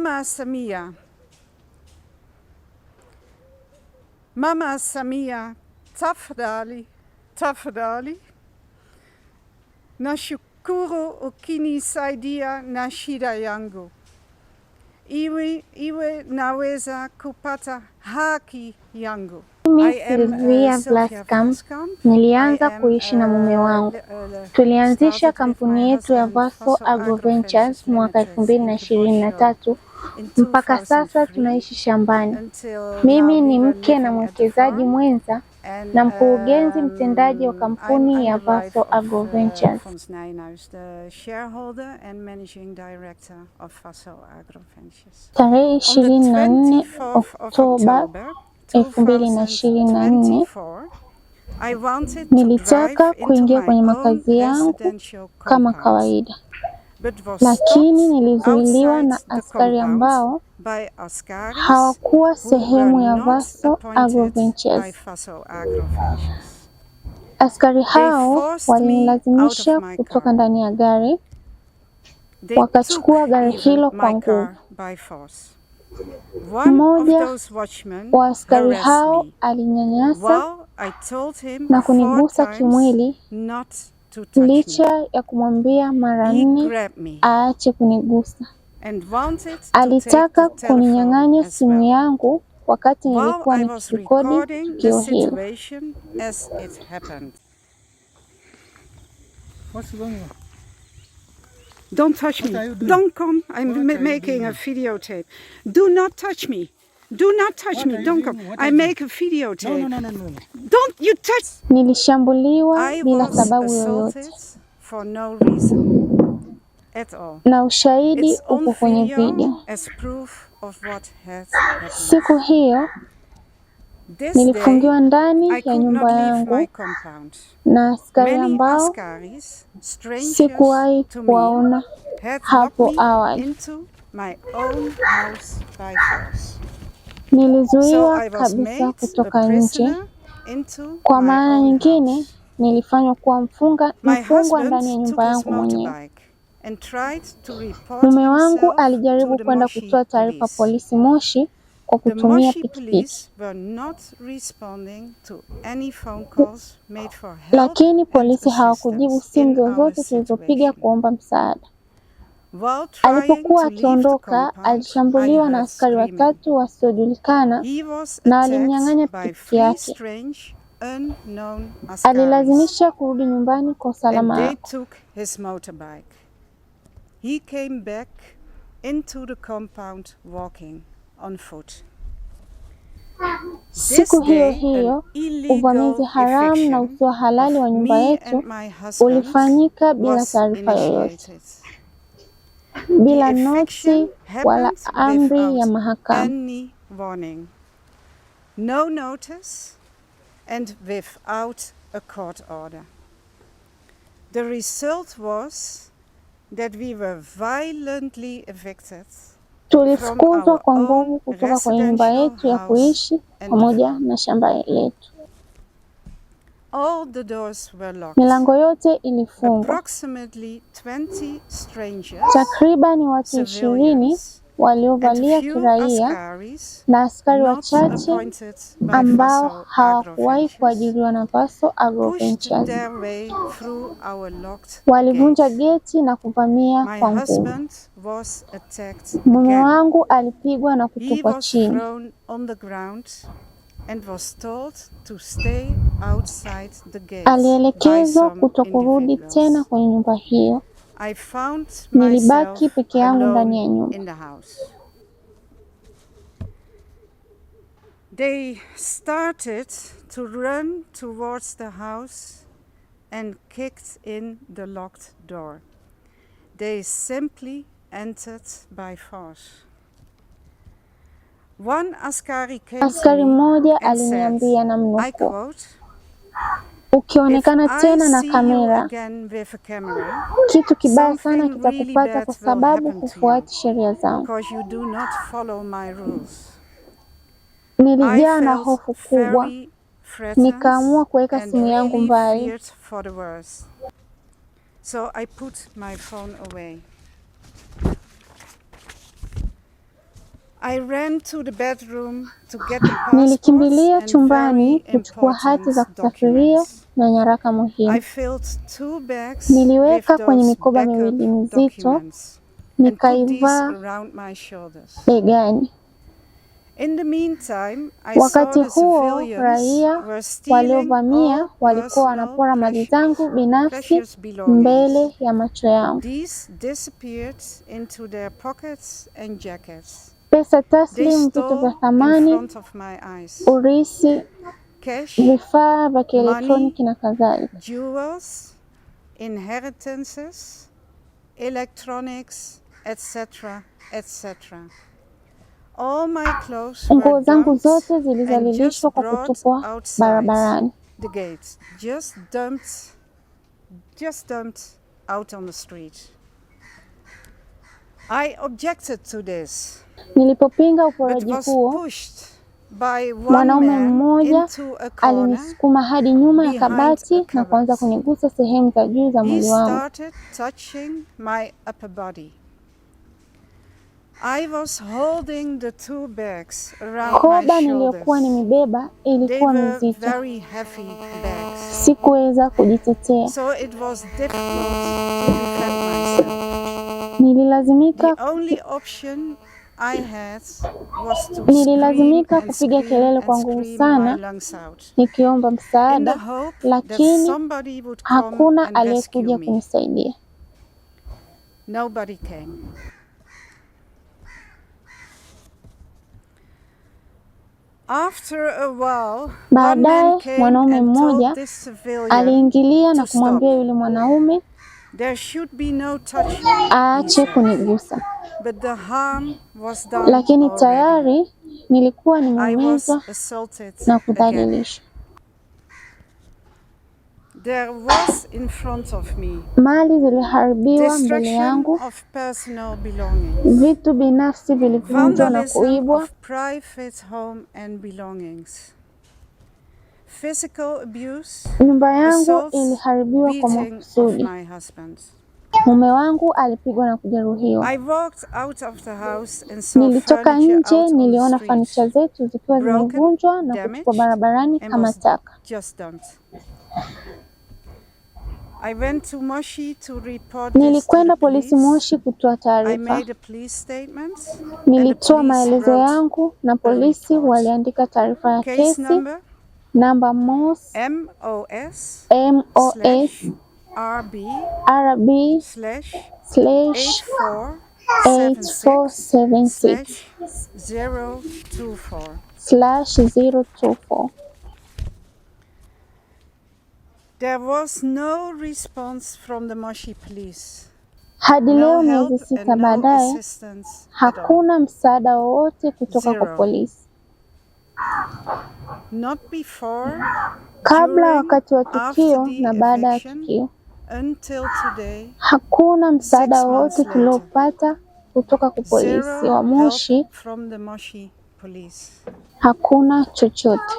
Mama Samia, Mama Samia, tafadhali tafadhali, nashukuru ukinisaidia na shida yangu, iwe iwe naweza kupata haki yangu. Mimi Silvia uh, Blaskamp nilianza kuishi na uh, mume uh, wangu. Tulianzisha kampuni yetu ya Vasco Agro Ventures mwaka 2023 mpaka sasa tunaishi shambani. Mimi ni mke na mwekezaji mwenza na mkurugenzi um, mtendaji wa kampuni ya uh, Vaso Agro Ventures. Tarehe ishirini na nne Oktoba elfu mbili na ishirini na nne nilitaka kuingia kwenye makazi yangu kama kawaida lakini nilizuiliwa na askari ambao hawakuwa sehemu ya Vaso Agrovenches. Askari hao walinilazimisha kutoka ndani ya gari, wakachukua gari hilo kwa nguvu. Mmoja wa askari hao alinyanyasa na kunigusa kimwili licha ya kumwambia mara nne aache kunigusa. Alitaka kuninyang'anya simu yangu wakati nilikuwa nikirekodi tukio hilo. Don't touch me. Don't come. I'm making a videotape. Do not touch me. Do not touch me. Don't go. I make a video tape. No, no, no, no. Don't you touch. Nilishambuliwa bila sababu yoyote. For no reason at all. Na ushahidi upo kwenye video. As proof of what has happened. Siku hiyo nilifungiwa ndani ya nyumba yangu na askari ambao sikuwahi kuwaona hapo awali. Nilizuiwa kabisa kutoka nje. Kwa maana nyingine, nilifanywa kuwa mfunga mfungwa ndani ya nyumba yangu mwenyewe. Mume wangu alijaribu kwenda kutoa taarifa polisi Moshi kwa kutumia pikipiki, lakini polisi hawakujibu simu zozote tulizopiga kuomba msaada. Alipokuwa akiondoka, alishambuliwa na askari watatu wasiojulikana na walimnyang'anya pikipiki yake. Alilazimisha kurudi nyumbani kwa usalama Siku hiyo hiyo uvamizi haramu na usio halali wa nyumba yetu ulifanyika bila taarifa yoyote bila noti wala amri ya mahakama. No notice and without a court order. The result was that we were violently evicted. Tulifukuzwa kwa nguvu kutoka kwenye nyumba yetu ya kuishi pamoja na shamba letu. All the doors were locked. Milango yote ilifungwa. Takribani watu ishirini waliovalia kiraia na askari wachache ambao hawakuwahi kuajiriwa na Vaso Agroventius walivunja geti na kuvamia kwa nguvu. Mume wangu alipigwa na kutupwa chini alielekezwa kutokurudi tena kwenye nyumba hiyo. Nilibaki peke yangu ndani ya nyumba. They started to run towards the house and kicked in the locked door. They simply entered by force. One askari, askari mmoja aliniambia na mnukuu Ukionekana tena na kamera, kitu kibaya sana kitakupata kwa sababu hufuati sheria zangu. Nilijaa na hofu kubwa, nikaamua kuweka simu yangu mbali. So I put my phone away. Nilikimbilia chumbani kuchukua hati za kusafiria na nyaraka muhimu. Niliweka kwenye mikoba miwili mizito, nikaivaa begani. Wakati huo raia waliovamia walikuwa wanapora mali zangu binafsi mbele ya macho yangu pesa taslimu, vitu vya thamani, urisi, vifaa vya kielektroniki na kadhalika. Inheritances, electronics, etc, etc. All my clothes were nguo zangu zote zilizalilishwa kwa kutupwa barabarani. The gates just dumped, just dumped out on the street. I objected to this. Nilipopinga uporaji huo, mwanaume mmoja alinisukuma hadi nyuma ya kabati na kuanza kunigusa sehemu za juu za mwili wangu. Koba niliyokuwa nimebeba ilikuwa mizito, sikuweza kujitetea. So it was difficult to defend myself. Nililazimika nililazimika kupiga kelele kwa nguvu sana nikiomba msaada, lakini hakuna aliyekuja kunisaidia. Baadaye mwanaume mmoja aliingilia na kumwambia yule mwanaume There should be no touch. Aache kunigusa. But the harm was done. Lakini tayari nilikuwa nimeumizwa na kudhalilishwa. There was in front of me. Mali ziliharibiwa mbele yangu, vitu binafsi vilivunjwa na kuibwa. private home and belongings. Nyumba yangu iliharibiwa kwa makusudi. Mume wangu alipigwa na kujeruhiwa. Nilitoka nje, niliona fanicha zetu zikiwa zimevunjwa na kutupwa barabarani kama taka. Nilikwenda polisi Moshi kutoa taarifa. Nilitoa maelezo yangu na polisi waliandika taarifa ya kesi namba MOS MOS RB RB slash 8476 024 slash 024. There was no response from the Moshi police. Hadi leo miezi sita baadaye hakuna msaada wowote kutoka kwa polisi. Not before, kabla, wakati wa tukio na baada ya tukio. Hakuna msaada wowote tuliopata kutoka kwa polisi wa Moshi, hakuna chochote.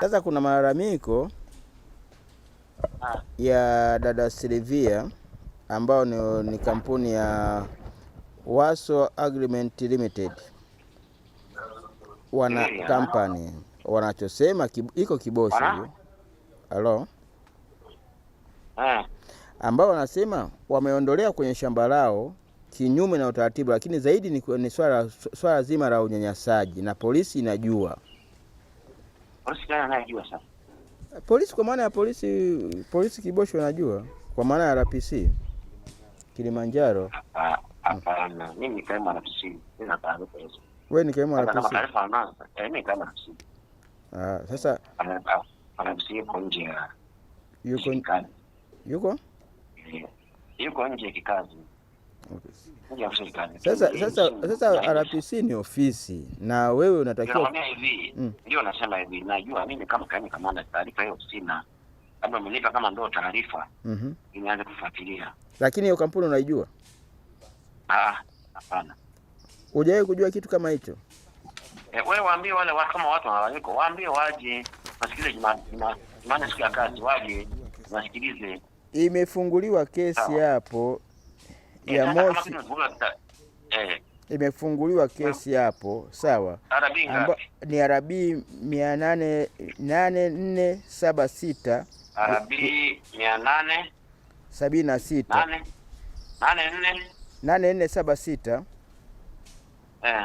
Sasa kuna malalamiko ya dada Silvia ambayo ni, ni kampuni ya Waso Agreement Limited, wana kampani wanachosema kib, iko Kibosho hiyo. Halo, ambao wanasema wameondolea kwenye shamba lao kinyume na utaratibu, lakini zaidi ni, ni swala, swala zima la unyanyasaji na polisi inajua. Polisi kana anajua sasa. Polisi kwa maana ya polisi polisi Kibosho anajua kwa maana ya RPC Kilimanjaro. Hapana, mimi kama RPC sina taarifa hizo. Wewe ni kama RPC. Ah, sasa mwanamsi ah, yuko nje ya yuko yuko eh, yuko nje kikazi. Okay. Sasa eh, sasa sasa RPC ni ofisi na wewe unatakiwa Nakwambia hivi. Mm. Ndio nasema hivi. Najua mimi kama kaimu kamanda taarifa hiyo sina. Kama umenipa kama ndio taarifa. Mhm. Mm Nianze kufuatilia. Lakini hiyo kampuni unaijua? Ah, hapana. Hujawahi kujua kitu kama hicho? Eh, wewe waambie wale watu kama watu wanalalamiko, waambie waje wasikilize Jumanne siku ya kazi, waje wasikilize. Imefunguliwa kesi hapo eh, ya Moshi, eh. imefunguliwa kesi hapo sawa, Amba, ni arabii mia nane nane nne saba sita arabii mia nane sabini na sita nane nne saba sita eh